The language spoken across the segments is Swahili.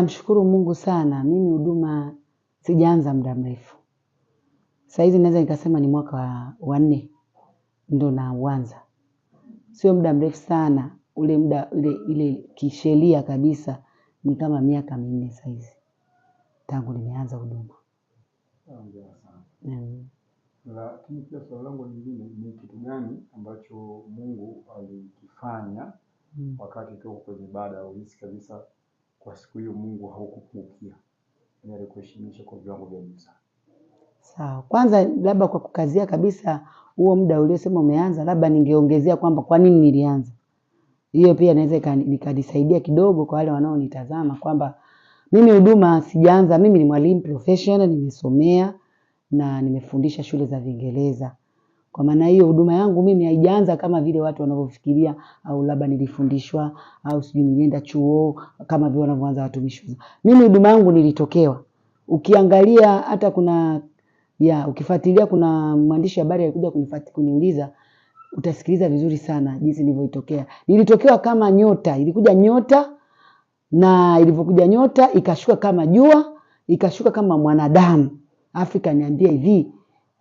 namshukuru Mungu sana, mimi huduma sijaanza muda mrefu. Sasa hizi naweza nikasema ni mwaka wa nne ndo naanza, sio muda mrefu sana ule muda ile ile kisheria kabisa ni kama miaka minne sasa hizi tangu nimeanza huduma. Mm. Lakini pia swali langu lingine ni kitu gani ambacho Mungu alikifanya mm. wakati tu kwenye ibada uhisi kabisa kwa siku hiyo Mungu haukupungukia, yaani alikuheshimisha kwa viwango vya juu sana. Sawa, kwanza labda kwa kukazia kabisa huo muda uliosema umeanza, labda ningeongezea kwamba kwa nini nilianza hiyo pia inaweza ikanisaidia kidogo kwa wale wanaonitazama kwamba mimi huduma sijaanza. Mimi ni mwalimu professional, nimesomea na nimefundisha shule za Kiingereza. Kwa maana hiyo huduma yangu mimi haijaanza kama vile watu wanavyofikiria, au labda nilifundishwa au sijui nilienda chuo kama vile wanavyoanza watumishi. Mimi huduma yangu nilitokewa. Ukiangalia hata kuna ya ukifuatilia, kuna mwandishi habari alikuja kunifuatilia kuniuliza, utasikiliza vizuri sana jinsi nilivyotokea. Nilitokewa kama nyota, ilikuja nyota na ilivyokuja nyota ikashuka kama jua, ikashuka kama mwanadamu. Afrika ikaniambia hivi,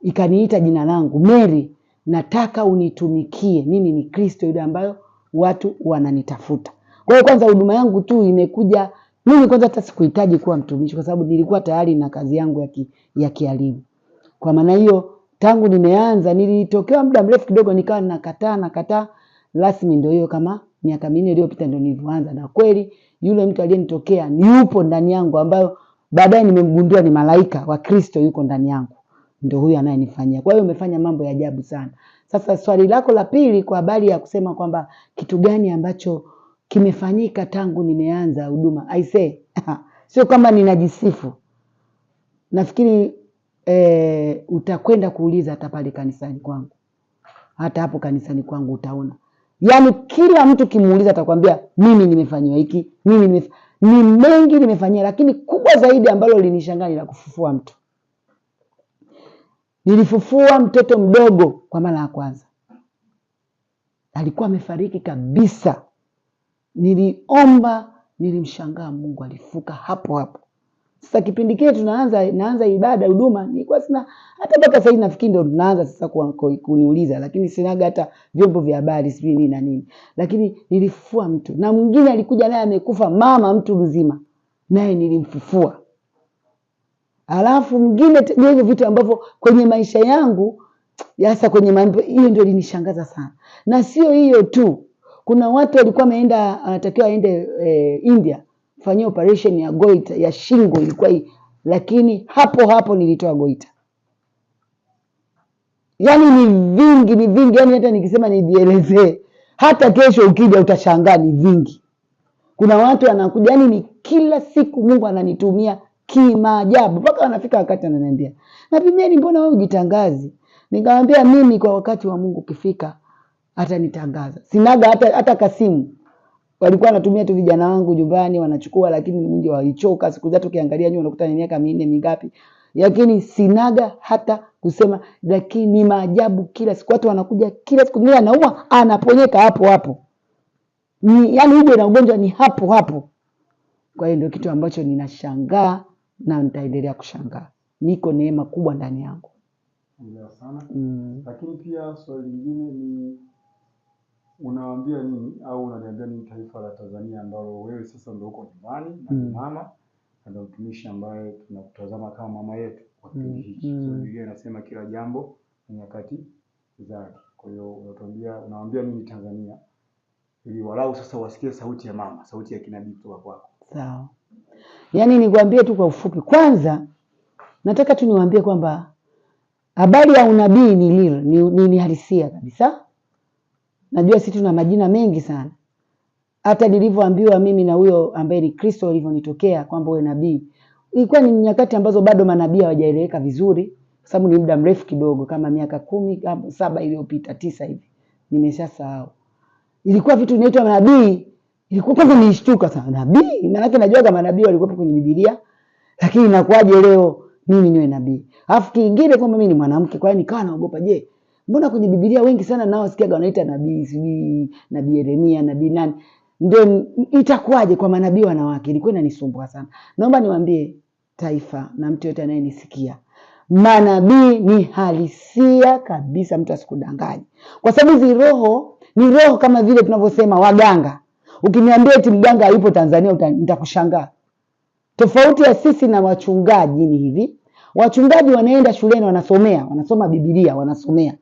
ikaniita jina langu, Mary, nataka unitumikie. Mimi ni Kristo yule ambayo watu wananitafuta. Kwa hiyo kwanza huduma yangu tu imekuja mimi kwanza, hata sikuhitaji kuwa mtumishi kwa sababu nilikuwa tayari na kazi yangu ya, ya kialimu. Kwa maana hiyo tangu nimeanza nilitokewa muda mrefu kidogo, nikawa nakataa nakataa, rasmi ndio hiyo kama miaka minne iliyopita ndio nilivyoanza, na kweli yule mtu aliyenitokea ni yupo ndani yangu, ambayo baadaye nimemgundua ni malaika wa Kristo yuko ndani yangu ndio huyu anayenifanyia. Kwa hiyo umefanya mambo ya ajabu sana. Sasa swali lako la pili kwa habari ya kusema kwamba kitu gani ambacho kimefanyika tangu nimeanza huduma, say sio kama ninajisifu. Nafikiri e, utakwenda kuuliza hata pale kanisani kwangu, hata hapo kanisani kwangu utaona, yaani kila mtu kimuuliza atakwambia mimi nimefanyiwa hiki, mimi nimef... ni mengi nimefanyia, lakini kubwa zaidi ambalo linishangaa la kufufua mtu Nilifufua mtoto mdogo kwa mara ya kwanza, alikuwa amefariki kabisa. Niliomba, nilimshangaa Mungu, alifuka hapo hapo. Sasa kipindi kile tunaanza naanza ibada huduma, nilikuwa sina hata, mpaka sahii nafikiri ndo tunaanza sasa kuniuliza, lakini sinaga hata vyombo vya habari sijui nini na nini, lakini nilifufua mtu, na mwingine alikuja naye amekufa, mama mtu mzima, naye nilimfufua. Alafu mwingine ndio hivyo vitu ambavyo kwenye maisha yangu hasa kwenye mambo hiyo ndio linishangaza sana, na sio hiyo tu, kuna watu walikuwa wameenda, anatakiwa aende e, eh, India fanyia operation ya goita ya shingo ilikuwa hii, lakini hapo hapo nilitoa goita. Yaani ni vingi, ni vingi, yaani hata nikisema nijielezee, hata kesho ukija utashangaa, ni vingi. Kuna watu anakuja yaani ni kila siku Mungu ananitumia kimaajabu, mpaka anafika wakati ananiambia Nabii Mary, mbona wewe ujitangazi? Nikamwambia mimi kwa wakati wa Mungu ukifika atanitangaza. Sinaga hata hata kasimu walikuwa wanatumia tu vijana wangu nyumbani wanachukua, lakini mimi walichoka siku zote. Ukiangalia nyuma unakuta ni miaka minne mingapi, lakini sinaga hata kusema, lakini ni maajabu. Kila siku watu wanakuja, kila siku mimi anauma, anaponyeka hapo hapo, ni yani uje na ugonjwa ni hapo hapo. Kwa hiyo ndio kitu ambacho ninashangaa na nitaendelea kushangaa. Niko neema kubwa ndani yangu sana. Mm. Lakini pia swali lingine ni unawaambia nini au unaliambia nini taifa la Tanzania ambalo wewe sasa ndio uko nyumbani na mm. mama na ndio mtumishi ambaye tunakutazama kama mama yetu kwa mm. kipindi hiki. Mm. So, Biblia inasema kila jambo ni nyakati zake. Kwa hiyo unatuambia unawaambia nini Tanzania ili walau sasa wasikie sauti ya mama, sauti ya kinabii kutoka kwako. Sawa. Yaani nikwambie tu kwa ufupi, kwanza nataka tu niwaambie kwamba habari ya unabii ni lilo ni, ni, ni halisia kabisa. Najua sisi tuna majina mengi sana, hata nilivyoambiwa mimi na huyo ambaye ni Kristo alivyonitokea kwamba wewe nabii, ilikuwa ni nyakati ambazo bado manabii hawajaeleweka vizuri, kwa sababu ni muda mrefu kidogo, kama miaka kumi saba iliyopita tisa hivi, nimeshasahau. Ilikuwa vitu vinaitwa manabii Ilikuwa kwanza nilishtuka sana, nabii maana yake najua kama nabii walikuwa kwenye Biblia, lakini inakuwaje leo mimi niwe nabii? Alafu kingine kwamba mimi ni mwanamke, kwa hiyo nikawa naogopa, je, mbona kwenye Biblia wengi sana nao sikiaga wanaita nabii, sijui nabii Yeremia, nabii nani? Ndio itakuwaje kwa manabii wanawake? Ilikuwa inanisumbua sana. Naomba niwaambie taifa na mtu yote anayenisikia manabii ni halisia kabisa, mtu asikudanganye, kwa sababu hizi roho ni roho kama vile tunavyosema waganga Ukiniambia eti mganga hayupo Tanzania nitakushangaa. Tofauti ya sisi na wachungaji ni hivi, wachungaji wanaenda shuleni wanasomea, wanasoma Biblia wanasomea,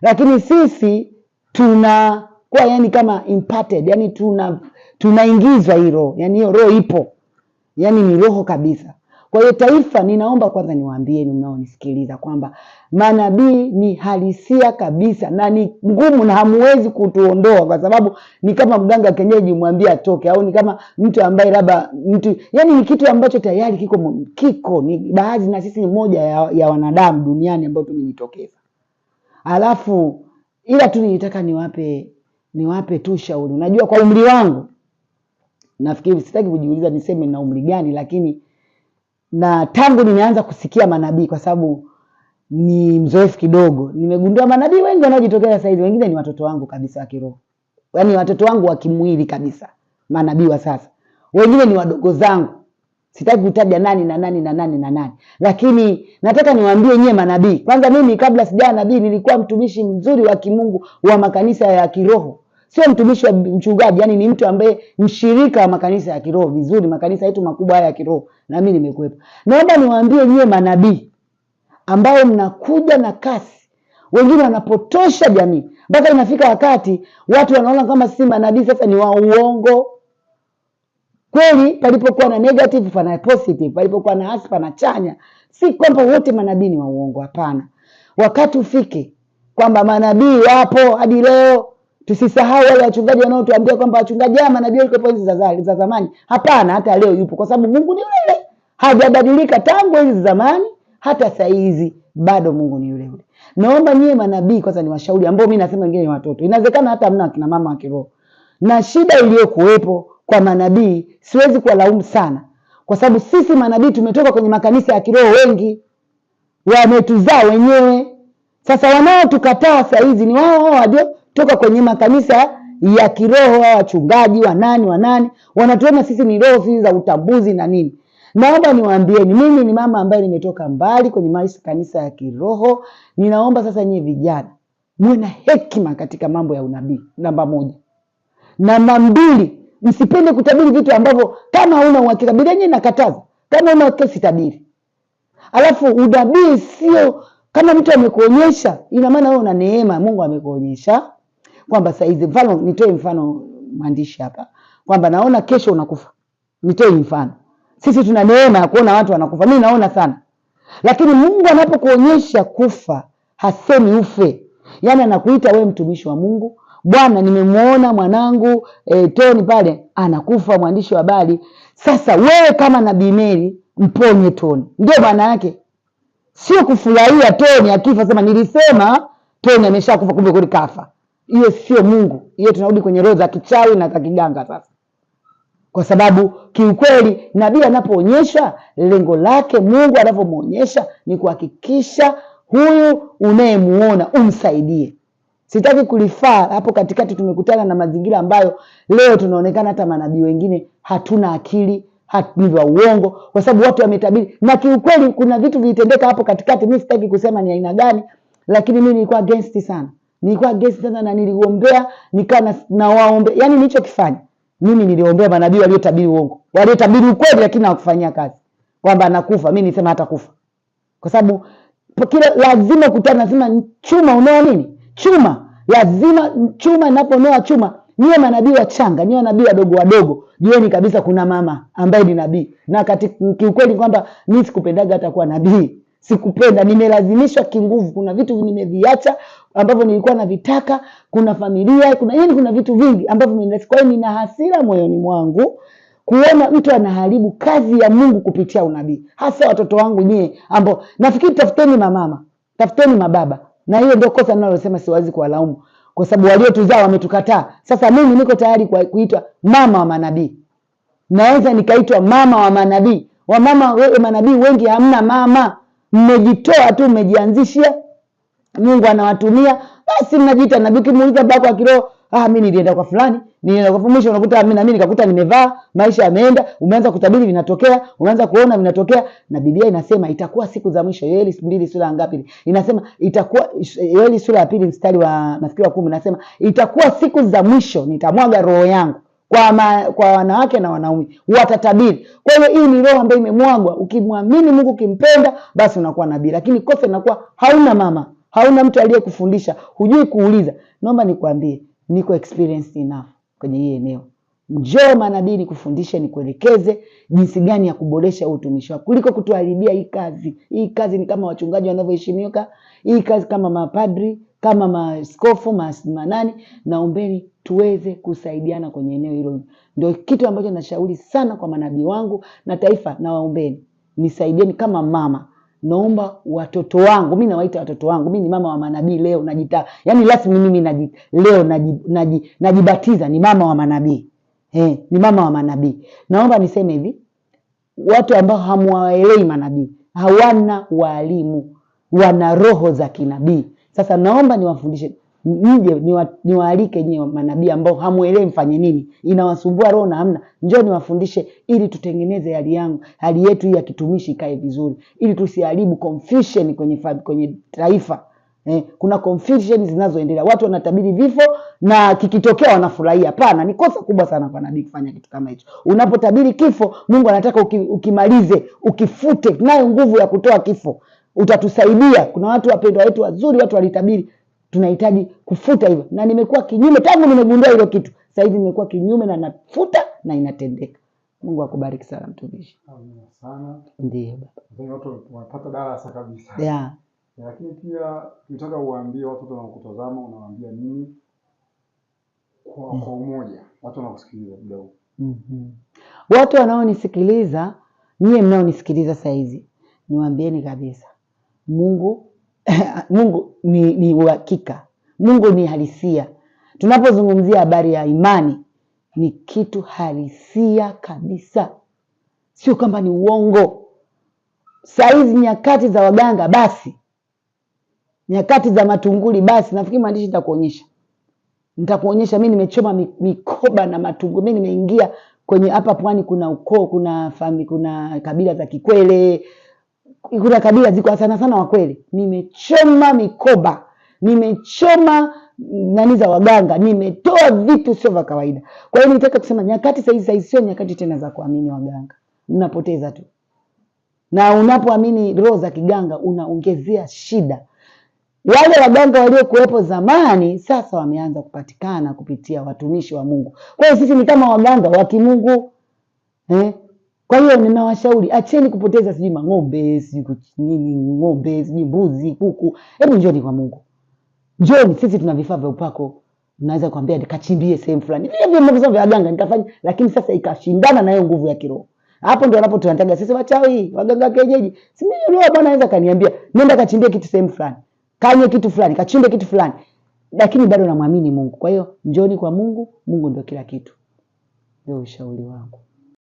lakini sisi tunakuwa yani kama imparted, yani tuna tunaingizwa roho yani hiyo roho ipo, yani ni roho kabisa. Kwa hiyo taifa, ninaomba kwanza niwaambieni mnaonisikiliza kwamba manabii ni halisia kabisa na ni ngumu na hamwezi kutuondoa, kwa sababu ni kama mganga kienyeji mwambie atoke, au ni kama mtu ambaye labda mtu, yani ni kitu ambacho tayari kiko kiko, ni baadhi na sisi ni moja ya, ya wanadamu duniani ambao tumejitokeza, alafu ila tu nilitaka niwape niwape tu shauri. Unajua, kwa umri wangu nafikiri, sitaki kujiuliza niseme na umri gani, lakini na tangu nimeanza kusikia manabii, kwa sababu ni mzoefu kidogo, nimegundua manabii wengi wanaojitokeza sasa hivi, wengine ni watoto wangu kabisa wa kiroho, yaani watoto wangu wa kimwili kabisa. Manabii wa sasa wengine ni wadogo zangu, sitaki kutaja nani na nani na nani na nani, lakini nataka niwaambie nyie manabii. Kwanza mimi kabla sijaa nabii nilikuwa mtumishi mzuri wa kimungu wa makanisa ya kiroho sio mtumishi wa mchungaji, yani ni mtu ambaye mshirika wa makanisa ya kiroho vizuri, makanisa yetu makubwa haya ya kiroho, na mimi nimekuwepo. Naomba niwaambie nyie manabii ambao mnakuja na kasi, wengine wanapotosha jamii mpaka inafika wakati watu wanaona kama sisi manabii sasa ni wa uongo. Kweli palipokuwa na negative pana positive, palipokuwa na hasi pana chanya. Si kwamba wote manabii ni wa uongo, hapana. Wakati ufike kwamba manabii wapo hadi leo Tusisahau wale wachungaji wanaotuambia kwamba wachungaji ama ah, najua yuko hizi za za zamani. Hapana, hata leo yupo, kwa sababu Mungu ni yule hajabadilika tangu hizi zamani hata saa bado Mungu ni yule yule. Naomba nyie manabii kwanza, ni washauri ambao mimi nasema wengine ni watoto, inawezekana hata mna akina mama wa kiroho na shida iliyokuwepo kwa manabii, siwezi kuwalaumu sana, kwa sababu sisi manabii tumetoka kwenye makanisa ya kiroho, wengi wametuzaa wenyewe. Sasa wanaotukataa saa hizi ni wao wao walio toka kwenye makanisa ya kiroho wa wachungaji wa nani wa nani wanatuona sisi ni roho sisi za utambuzi na nini. Naomba niwaambieni, mimi ni mama ambaye nimetoka mbali kwenye maisha kanisa ya kiroho. Ninaomba sasa nyie vijana mwe na hekima katika mambo ya unabii, namba moja. Namba mbili, msipende kutabiri vitu ambavyo kama hauna uhakika. Biblia yenyewe inakataza, kama una uhakika sitabiri. Alafu unabii sio kama mtu amekuonyesha, ina maana wewe una neema, Mungu amekuonyesha kwamba saizi, mfano nitoe mfano mwandishi hapa kwamba naona kesho unakufa, nitoe mfano. Sisi tuna neema ya kuona watu wanakufa, mimi naona sana, lakini Mungu anapokuonyesha kufa hasemi ufe, yaani anakuita we mtumishi wa Mungu, bwana, nimemwona mwanangu e, Toni pale anakufa, mwandishi wa habari. Sasa wewe kama nabii Mary, mponye Toni, ndio maana yake, sio kufurahia Toni akifa, sema nilisema Toni ameshakufa, kumbe kulikafa hiyo sio Mungu, hiyo tunarudi kwenye roho za kichawi na za kiganga sasa, kwa sababu kiukweli nabii anapoonyesha lengo lake, Mungu anavyomwonyesha ni kuhakikisha huyu unayemuona umsaidie. Sitaki kulifaa hapo katikati. Tumekutana na mazingira ambayo leo tunaonekana hata manabii wengine hatuna akili ni vya uongo, kwa sababu watu wametabiri, na kiukweli kuna vitu vilitendeka hapo katikati. Mi sitaki kusema ni aina gani, lakini mi nilikuwa against sana nilikuwa gesi sana na niliombea nikaa na, na waombe yani, nilichokifanya mimi niliombea manabii waliotabiri uongo, waliotabiri ukweli, lakini hawakufanyia kazi kwamba anakufa. Mimi nisema hata kufa, kwa sababu kila lazima kutana, lazima chuma unao nini, chuma lazima chuma inaponoa chuma. Niwe manabii wa changa niwe manabii wadogo wadogo, jueni kabisa kuna mama ambaye ni nabii, na kati kiukweli kwamba mimi sikupendaga hata kuwa nabii sikupenda, nimelazimishwa kinguvu. Kuna vitu nimeviacha ambavyo nilikuwa navitaka, kuna familia, kuna yani, kuna vitu vingi ambavyo. mimi, Kwa hiyo nina hasira moyoni mwangu kuona mtu anaharibu kazi ya Mungu kupitia unabii, hasa watoto wangu nyie, ambao nafikiri, tafuteni mamama, tafuteni mababa, na hiyo ndio kosa ninalosema, siwezi kuwalaumu kwa sababu waliotuzaa wametukataa. Sasa mimi niko tayari kuitwa mama wa manabii, naweza nikaitwa mama wa manabii. Wamama manabii wengi hamna mama mmejitoa tu, mmejianzishia, Mungu anawatumia basi, mnajiita nabii. Ukimuuliza baba kwa kiroho, ah, mimi nilienda kwa fulani, nilienda kwa mwisho, unakuta ah, mimi na mimi nikakuta nimevaa, maisha yameenda, umeanza kutabiri vinatokea, umeanza kuona vinatokea. Na Biblia inasema itakuwa siku za mwisho. Yoeli mbili sura ngapi? Inasema itakuwa, Yoeli sura ya pili mstari wa nafikiri wa 10, inasema itakuwa siku za mwisho nitamwaga roho yangu kwa ma, kwa wanawake na wanaume watatabiri. Kwa hiyo hii ni roho ambayo imemwagwa. Ukimwamini Mungu, ukimpenda, basi unakuwa nabii, lakini kosa inakuwa hauna mama, hauna mtu aliyekufundisha, hujui kuuliza. Naomba nikwambie, niko experience enough kwenye hii eneo. Njoo manabii, nikufundishe, nikuelekeze jinsi gani ya kuboresha utumishi wako kuliko kutuharibia hii kazi. Hii kazi ni kama wachungaji wanavyoheshimika, hii kazi kama mapadri kama maskofu manani, naombeni tuweze kusaidiana kwenye eneo hilo. Ndio kitu ambacho nashauri sana kwa manabii wangu na taifa, nawaombeni nisaidieni. Kama mama, naomba watoto wangu, mi nawaita watoto wangu, mi ni mama wa manabii leo najita, yani lazima mimi naji, leo najibatiza ni mama wa manabii eh, ni mama wa manabii. Naomba niseme hivi, watu ambao hamwaelewi manabii hawana waalimu, wana roho za kinabii. Sasa naomba niwafundishe mje niwaalike nyewe manabii ambao hamuelewi mfanye nini, inawasumbua roho na hamna. Njoo niwafundishe ili tutengeneze hali yangu hali yetu hii ya kitumishi ikae vizuri, ili tusiharibu confusion kwenye, kwenye taifa eh. Kuna confusion zinazoendelea, watu wanatabiri vifo na kikitokea wanafurahia. Hapana, ni kosa kubwa sana kwa nabii kufanya kitu kama hicho. Unapotabiri kifo, Mungu anataka ukimalize, ukifute, nayo nguvu ya kutoa kifo utatusaidia. Kuna watu wapendwa wetu wazuri, watu walitabiri, tunahitaji kufuta hivyo, na nimekuwa kinyume tangu nimegundua hilo kitu. Sasa hivi nimekuwa kinyume na nafuta na inatendeka. Mungu akubariki sana mtumishi. Amina sana. Ndio watu wanapata darasa kabisa yeah. Lakini pia nitaka uwaambie watu wanaokutazama, unawaambia nini kwa yeah. Mm. kwa umoja watu wanakusikiliza muda huu mm -hmm. watu wanaonisikiliza, nyie mnaonisikiliza saa hizi, niwaambieni kabisa Mungu Mungu ni, ni uhakika. Mungu ni halisia. Tunapozungumzia habari ya imani ni kitu halisia kabisa, sio kwamba ni uongo. Saizi nyakati za waganga, basi nyakati za matunguli, basi nafikiri maandishi nitakuonyesha, nitakuonyesha. Mi nimechoma mikoba na matungu mi nimeingia kwenye hapa pwani, kuna ukoo, kuna fami, kuna kabila za Kikwele kuna kabila ziko sana sana, wakweli, nimechoma mikoba, nimechoma nani za waganga, nimetoa vitu sio vya kawaida. Kwa hiyo nitaka kusema nyakati sahizi, sahizi sio nyakati tena za kuamini waganga, mnapoteza tu, na unapoamini roho za kiganga unaongezea shida. Wale waganga waliokuwepo zamani sasa wameanza kupatikana kupitia watumishi wa Mungu. Kwa hiyo sisi ni kama waganga wa kimungu eh? Kwa hiyo ninawashauri acheni kupoteza sijui mang'ombe sijui nini ng'ombe sijui mbuzi kuku, hebu njoni kwa Mungu, njoni sisi tuna vifaa vya upako naweza kuambia nikachimbie sehemu fulani vile vya waganga nikafanya, lakini sasa ikashindana na hiyo nguvu ya kiroho. Hapo ndio wanapotuandaga sisi wachawi, waganga kienyeji. Si mimi roho bwana anaweza kaniambia nenda kachimbie kitu sehemu fulani, kanye kitu fulani, kachimbe kitu fulani, lakini bado namwamini Mungu. Kwa hiyo njoni kwa Mungu, Mungu ndio kila kitu. Ndio ushauri wangu.